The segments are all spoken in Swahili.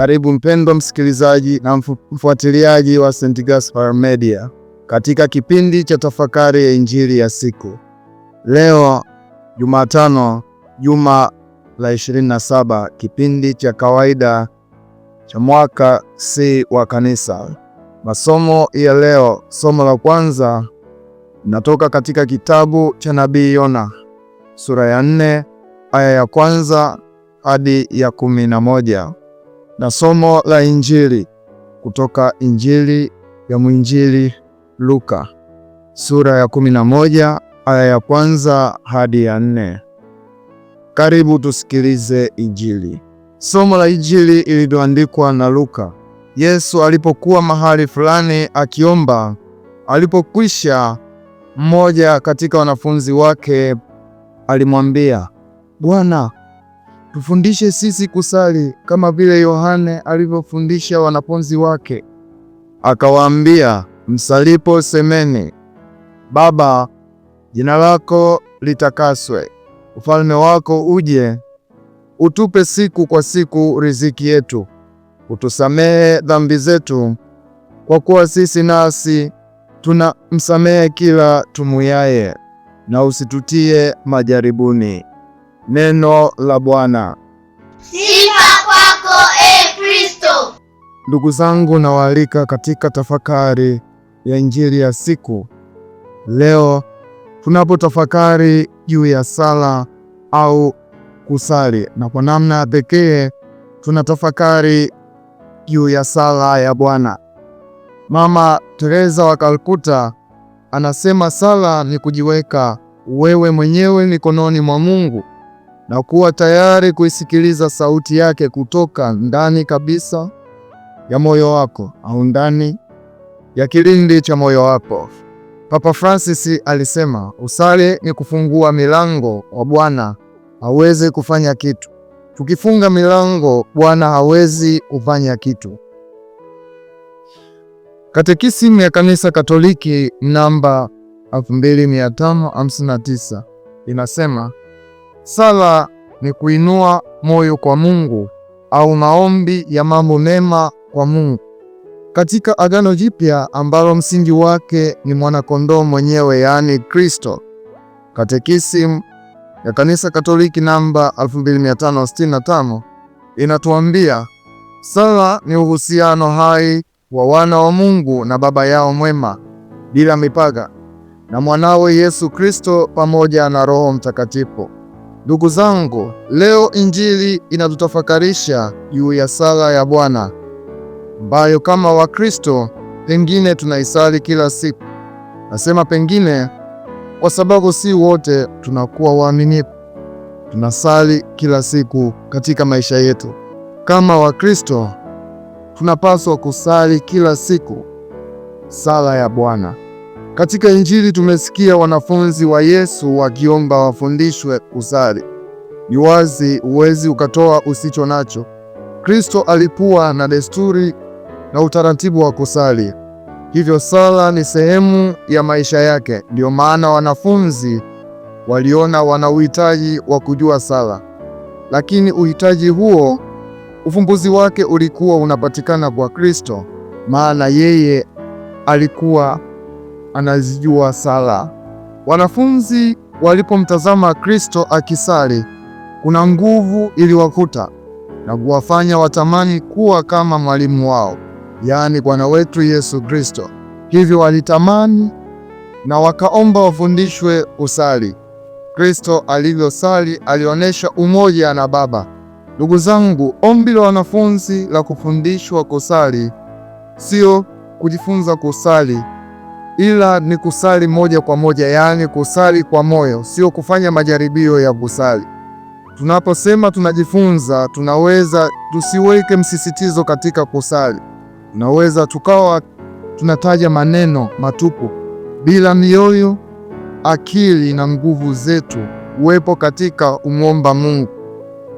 Karibu mpendwa msikilizaji na mfuatiliaji wa St. Gaspar Media katika kipindi cha tafakari ya injili ya siku. Leo Jumatano, juma la 27, kipindi cha kawaida cha mwaka C wa Kanisa. Masomo ya leo, somo la kwanza natoka katika kitabu cha nabii Yona sura ya 4 aya ya kwanza hadi ya kumi na moja na somo la Injili kutoka Injili ya mwinjili Luka sura ya 11 aya ya kwanza hadi ya nne. Karibu tusikilize Injili. Somo la Injili ilivyoandikwa na Luka. Yesu alipokuwa mahali fulani akiomba, alipokwisha, mmoja katika wanafunzi wake alimwambia, Bwana, Tufundishe sisi kusali kama vile Yohane alivyofundisha wanafunzi wake, akawaambia, msalipo semeni: Baba, jina lako litakaswe, ufalme wako uje. Utupe siku kwa siku riziki yetu. Utusamehe dhambi zetu, kwa kuwa sisi nasi tunamsamehe kila tumuyaye, na usitutie majaribuni. Neno la Bwana. Sifa kwako e Kristo. Ndugu zangu, nawaalika katika tafakari ya injili ya siku leo, tunapotafakari juu ya sala au kusali, na kwa namna ya pekee tunatafakari juu ya sala ya Bwana. Mama Teresa wa Kalkuta anasema sala ni kujiweka wewe mwenyewe mikononi mwa Mungu na kuwa tayari kuisikiliza sauti yake kutoka ndani kabisa ya moyo wako au ndani ya kilindi cha moyo wako. Papa Francis alisema usali ni kufungua milango wa Bwana hawezi kufanya kitu. Tukifunga milango, Bwana hawezi kufanya kitu. Katekisimu ya Kanisa Katoliki namba 2559 inasema Sala ni kuinua moyo kwa Mungu au maombi ya mambo mema kwa Mungu. Katika Agano Jipya ambalo msingi wake ni mwanakondoo mwenyewe yaani Kristo. Katekisimu ya Kanisa Katoliki namba 2565 inatuambia sala ni uhusiano hai wa wana wa Mungu na Baba yao mwema bila mipaka na mwanawe Yesu Kristo pamoja na Roho Mtakatifu. Ndugu zangu, leo Injili inatutafakarisha juu ya sala ya Bwana ambayo kama Wakristo pengine tunaisali kila siku. Nasema pengine kwa sababu si wote tunakuwa waaminifu, tunasali kila siku katika maisha yetu. Kama Wakristo tunapaswa kusali kila siku sala ya Bwana. Katika Injili tumesikia wanafunzi wa Yesu wakiomba wafundishwe kusali. Ni wazi uwezi ukatoa usicho nacho. Kristo alikuwa na desturi na utaratibu wa kusali, hivyo sala ni sehemu ya maisha yake. Ndiyo maana wanafunzi waliona wana uhitaji wa kujua sala, lakini uhitaji huo ufumbuzi wake ulikuwa unapatikana kwa Kristo, maana yeye alikuwa anazijua sala. Wanafunzi walipomtazama Kristo akisali, kuna nguvu iliwakuta na kuwafanya watamani kuwa kama mwalimu wao, yaani Bwana wetu Yesu Kristo. Hivyo walitamani na wakaomba wafundishwe kusali Kristo alivyosali. Alionyesha umoja na Baba. Ndugu zangu, ombi la wanafunzi la kufundishwa kusali sio kujifunza kusali ila ni kusali moja kwa moja, yaani kusali kwa moyo, sio kufanya majaribio ya kusali. Tunaposema tunajifunza, tunaweza tusiweke msisitizo katika kusali. Tunaweza tukawa tunataja maneno matupu bila mioyo, akili na nguvu zetu uwepo katika umwomba Mungu.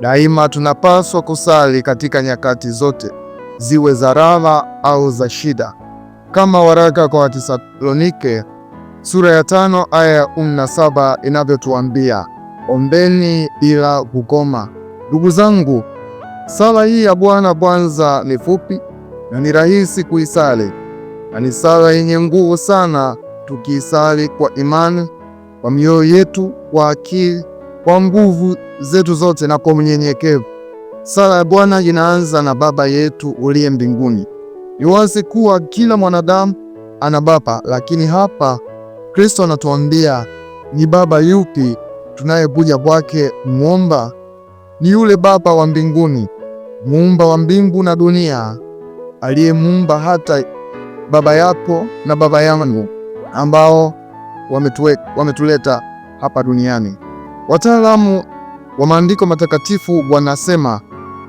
Daima tunapaswa kusali katika nyakati zote, ziwe za raha au za shida kama waraka kwa Watesalonike sura ya tano aya ya kumi na saba inavyotuambia, ombeni bila kukoma. Ndugu zangu, sala hii ya Bwana kwanza ni fupi na ni rahisi kuisali, na ni sala yenye nguvu sana tukiisali kwa imani, kwa mioyo yetu, kwa akili, kwa nguvu zetu zote na kwa mnyenyekevu. Sala ya Bwana inaanza na Baba yetu uliye mbinguni. Iwaze kuwa kila mwanadamu ana baba, lakini hapa Kristo anatuambia ni baba yupi tunayekuja kwake muomba? Ni yule Baba wa mbinguni, muumba wa mbingu na dunia, aliyemuumba hata baba yako na baba yangu ambao wametue, wametuleta hapa duniani. Wataalamu wa maandiko matakatifu wanasema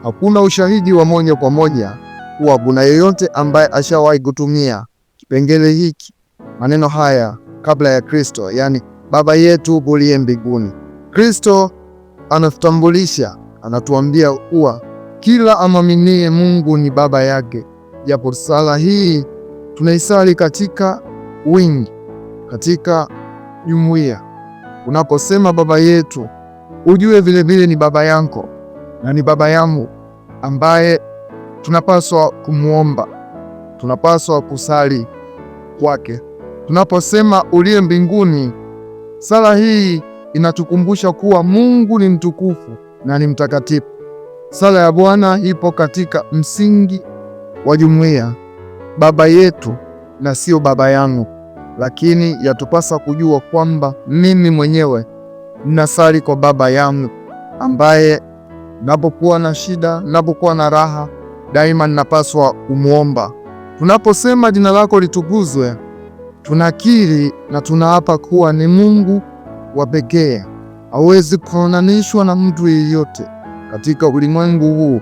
hakuna ushahidi wa moja kwa moja kuwa kuna yeyote ambaye ashawahi kutumia kipengele hiki maneno haya kabla ya Kristo, yaani Baba yetu uliye mbinguni. Kristo anatutambulisha, anatuambia kuwa kila amwaminie Mungu ni baba yake, japo sala hii tunaisali katika wingi, katika jumuiya. Unaposema baba yetu, ujue vilevile ni baba yako na ni baba yangu ambaye tunapaswa kumwomba, tunapaswa kusali kwake. Tunaposema uliye mbinguni, sala hii inatukumbusha kuwa Mungu ni mtukufu na ni mtakatifu. Sala ya Bwana ipo katika msingi wa jumuiya, baba yetu na sio baba yangu, lakini yatupasa kujua kwamba mimi mwenyewe nasali kwa baba yangu ambaye napokuwa na shida, napokuwa na raha daima ninapaswa kumwomba. Tunaposema jina lako litukuzwe, tunakiri na tunaapa kuwa ni Mungu wa pekee, hawezi kufananishwa na mtu yeyote katika ulimwengu huu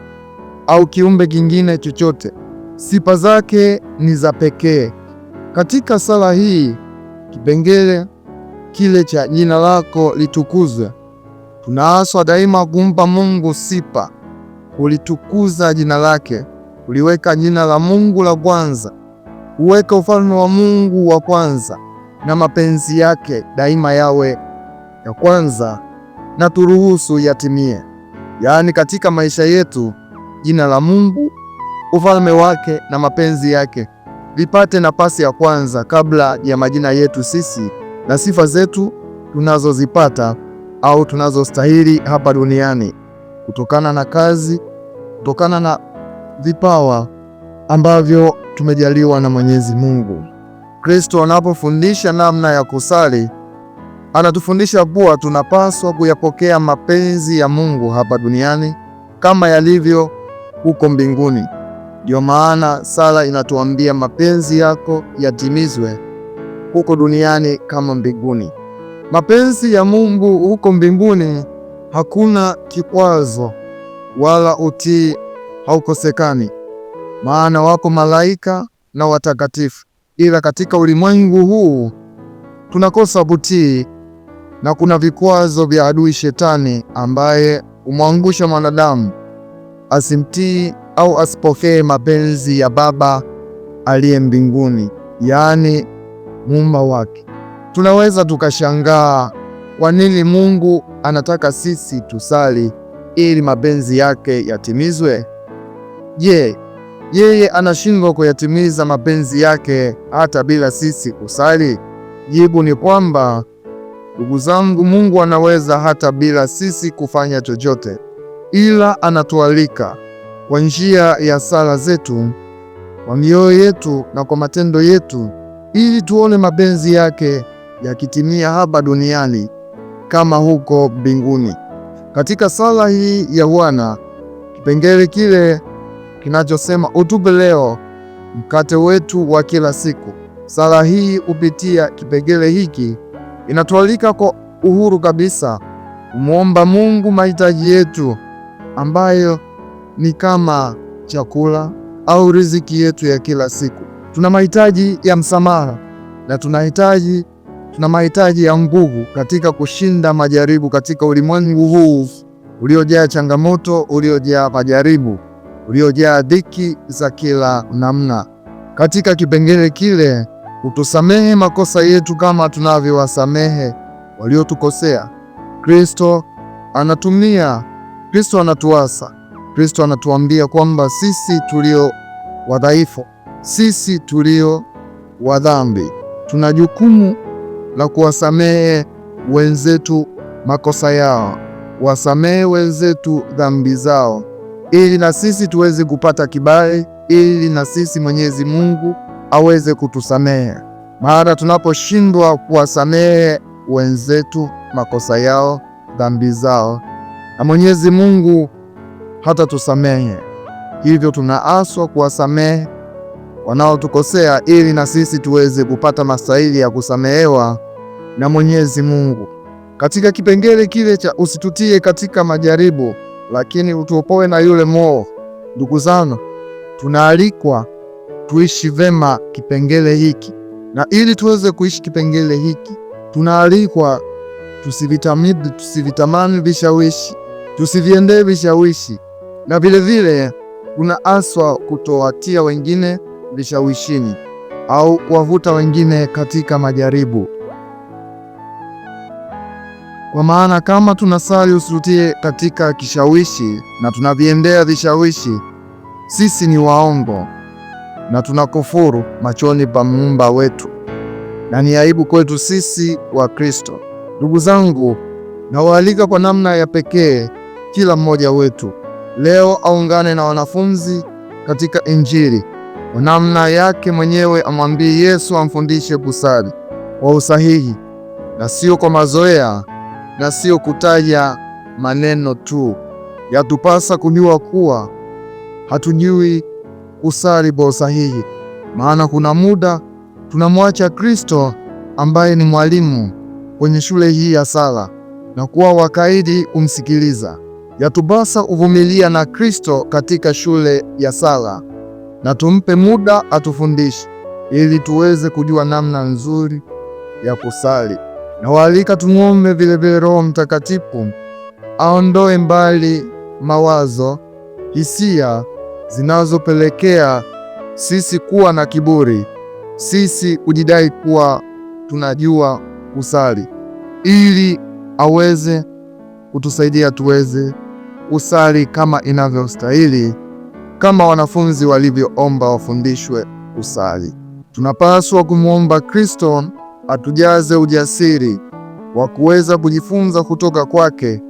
au kiumbe kingine chochote. Sifa zake ni za pekee. Katika sala hii, kipengele kile cha jina lako litukuzwe, tunaaswa daima kumpa Mungu sifa ulitukuza jina lake, uliweka jina la Mungu la kwanza, uweke ufalme wa Mungu wa kwanza, na mapenzi yake daima yawe ya kwanza, na turuhusu yatimie. Yaani katika maisha yetu jina la Mungu, ufalme wake na mapenzi yake vipate nafasi ya kwanza kabla ya majina yetu sisi na sifa zetu tunazozipata au tunazostahili hapa duniani kutokana na kazi, kutokana na vipawa ambavyo tumejaliwa na Mwenyezi Mungu. Kristo anapofundisha namna ya kusali, anatufundisha kuwa tunapaswa kuyapokea mapenzi ya Mungu hapa duniani kama yalivyo huko mbinguni. Ndio maana sala inatuambia mapenzi yako yatimizwe huko duniani kama mbinguni. Mapenzi ya Mungu huko mbinguni hakuna kikwazo wala utii haukosekani, maana wako malaika na watakatifu. Ila katika ulimwengu huu tunakosa kutii na kuna vikwazo vya adui Shetani ambaye umwangusha mwanadamu asimtii au asipokee mapenzi ya Baba aliye mbinguni, yaani muumba wake. Tunaweza tukashangaa kwa nini Mungu anataka sisi tusali ili mapenzi yake yatimizwe? Je, yeye anashindwa kuyatimiza mapenzi yake hata bila sisi kusali? Jibu ni kwamba, ndugu zangu, Mungu anaweza hata bila sisi kufanya chochote, ila anatualika kwa njia ya sala zetu, kwa mioyo yetu na kwa matendo yetu, ili tuone mapenzi yake yakitimia hapa duniani kama huko mbinguni. Katika sala hii ya Bwana, kipengele kile kinachosema utupe leo mkate wetu wa kila siku, sala hii kupitia kipengele hiki inatualika kwa uhuru kabisa kumwomba Mungu mahitaji yetu ambayo ni kama chakula au riziki yetu ya kila siku. Tuna mahitaji ya msamaha na tunahitaji tuna mahitaji ya nguvu katika kushinda majaribu katika ulimwengu huu uliojaa changamoto, uliojaa majaribu, uliojaa dhiki za kila namna. Katika kipengele kile, utusamehe makosa yetu kama tunavyowasamehe waliotukosea. Kristo anatumia, Kristo anatuasa, Kristo anatuambia kwamba sisi tulio wadhaifu, sisi tulio wadhambi tuna jukumu la kuwasamehe wenzetu makosa yao, wasamehe wenzetu dhambi zao, ili na sisi tuweze kupata kibali, ili na sisi Mwenyezi Mungu aweze kutusamehe, Mara tunaposhindwa kuwasamehe wenzetu makosa yao, dhambi zao, na Mwenyezi Mungu hata tusamehe. Hivyo tunaaswa kuwasamehe wanaotukosea ili na sisi tuweze kupata mastahili ya kusamehewa na Mwenyezi Mungu. Katika kipengele kile cha usitutie katika majaribu, lakini utuopoe na yule moo, ndugu zangu, tunaalikwa tuishi vema kipengele hiki, na ili tuweze kuishi kipengele hiki tunaalikwa tusivitamidi, tusivitamani vishawishi, tusiviendee vishawishi, na vilevile kuna aswa kutowatia wengine vishawishini au kuwavuta wengine katika majaribu. Kwa maana kama tunasali usirutie katika kishawishi na tunaviendea vishawishi, sisi ni waongo na tunakufuru machoni pa muumba wetu, na ni aibu kwetu sisi wa Kristo. Ndugu zangu, nawaalika kwa namna ya pekee kila mmoja wetu leo aungane na wanafunzi katika Injili kwa namna yake mwenyewe amwambie Yesu amfundishe kusali kwa usahihi na sio kwa mazoea na sio kutaja maneno tu. Yatupasa kujua kuwa hatujui kusali kwa usahihi, maana kuna muda tunamwacha Kristo ambaye ni mwalimu kwenye shule hii ya sala na kuwa wakaidi kumsikiliza. Yatupasa kuvumilia na Kristo katika shule ya sala na tumpe muda atufundishe ili tuweze kujua namna nzuri ya kusali. Na waalika tumuombe vilevile Roho Mtakatifu aondoe mbali mawazo, hisia zinazopelekea sisi kuwa na kiburi, sisi kujidai kuwa tunajua kusali, ili aweze kutusaidia tuweze kusali kama inavyostahili kama wanafunzi walivyoomba wafundishwe kusali. Tunapaswa kumwomba Kristo atujaze ujasiri wa kuweza kujifunza kutoka kwake,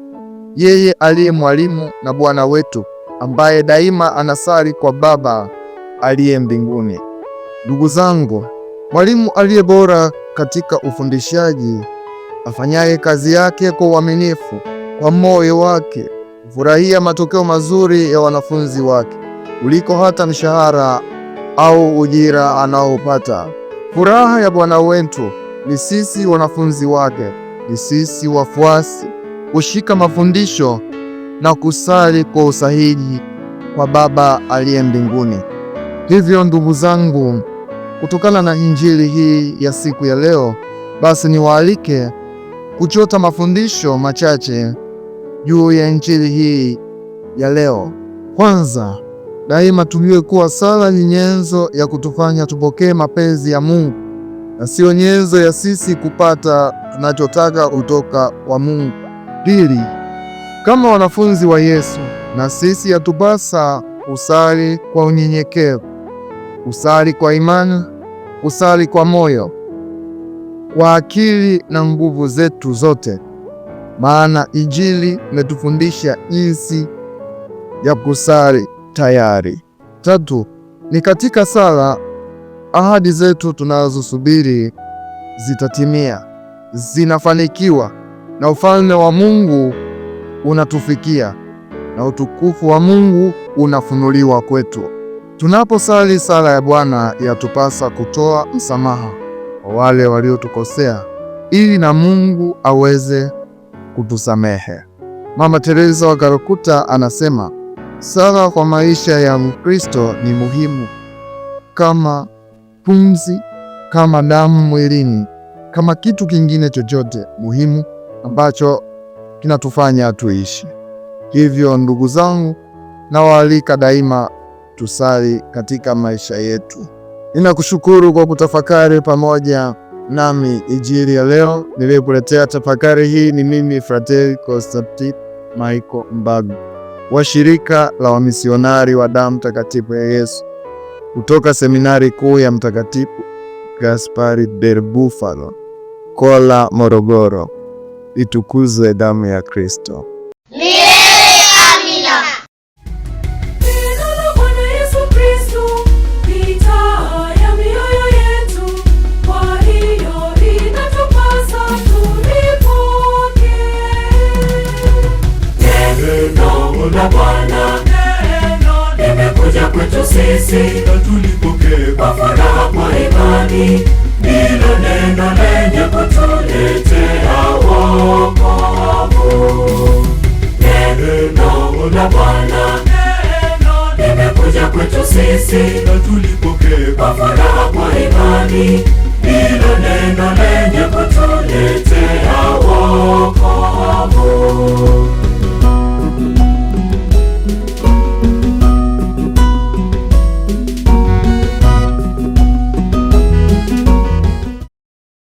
yeye aliye mwalimu na Bwana wetu ambaye daima anasali kwa Baba aliye mbinguni. Ndugu zangu, mwalimu aliye bora katika ufundishaji, afanyaye kazi yake kwa uaminifu, kwa moyo wake, hufurahia matokeo mazuri ya wanafunzi wake kuliko hata mshahara au ujira anaopata Furaha ya Bwana wetu ni sisi wanafunzi wake, ni sisi wafuasi kushika mafundisho na kusali kwa usahihi kwa Baba aliye mbinguni. Hivyo ndugu zangu, kutokana na injili hii ya siku ya leo, basi niwaalike kuchota mafundisho machache juu ya injili hii ya leo. Kwanza, Daima tujue kuwa sala ni nyenzo ya kutufanya tupokee mapenzi ya Mungu na siyo nyenzo ya sisi kupata tunachotaka kutoka kwa Mungu. Pili, kama wanafunzi wa Yesu, na sisi yatupasa kusali kwa unyenyekevu, kusali kwa imani, kusali kwa moyo, kwa akili na nguvu zetu zote, maana Injili imetufundisha jinsi ya kusali tayari. Tatu, ni katika sala ahadi zetu tunazosubiri zitatimia, zinafanikiwa na ufalme wa Mungu unatufikia na utukufu wa Mungu unafunuliwa kwetu. Tunaposali sala ya Bwana, yatupasa kutoa msamaha kwa wale waliotukosea ili na Mungu aweze kutusamehe. Mama Teresa wa Karakuta anasema Sala kwa maisha ya Mkristo ni muhimu kama pumzi, kama damu mwilini, kama kitu kingine chochote muhimu ambacho kinatufanya tuishi. Hivyo ndugu zangu, nawaalika daima tusali katika maisha yetu. Ninakushukuru kwa kutafakari pamoja nami Injili ya leo. Niliyekuletea tafakari hii ni mimi Frateri Constantine Michael Mbagu wa shirika la wamisionari wa, damu takatifu ya Yesu kutoka seminari kuu ya Mtakatifu Gaspari del Bufalo, Kola, Morogoro. Itukuzwe damu ya Kristo! duniani, ndilo neno lenye kutuletea wokovu. Neno la Bwana limekuja kwetu sisi, na tulipokea kwa furaha kwa imani, ndilo neno lenye kutuletea wokovu.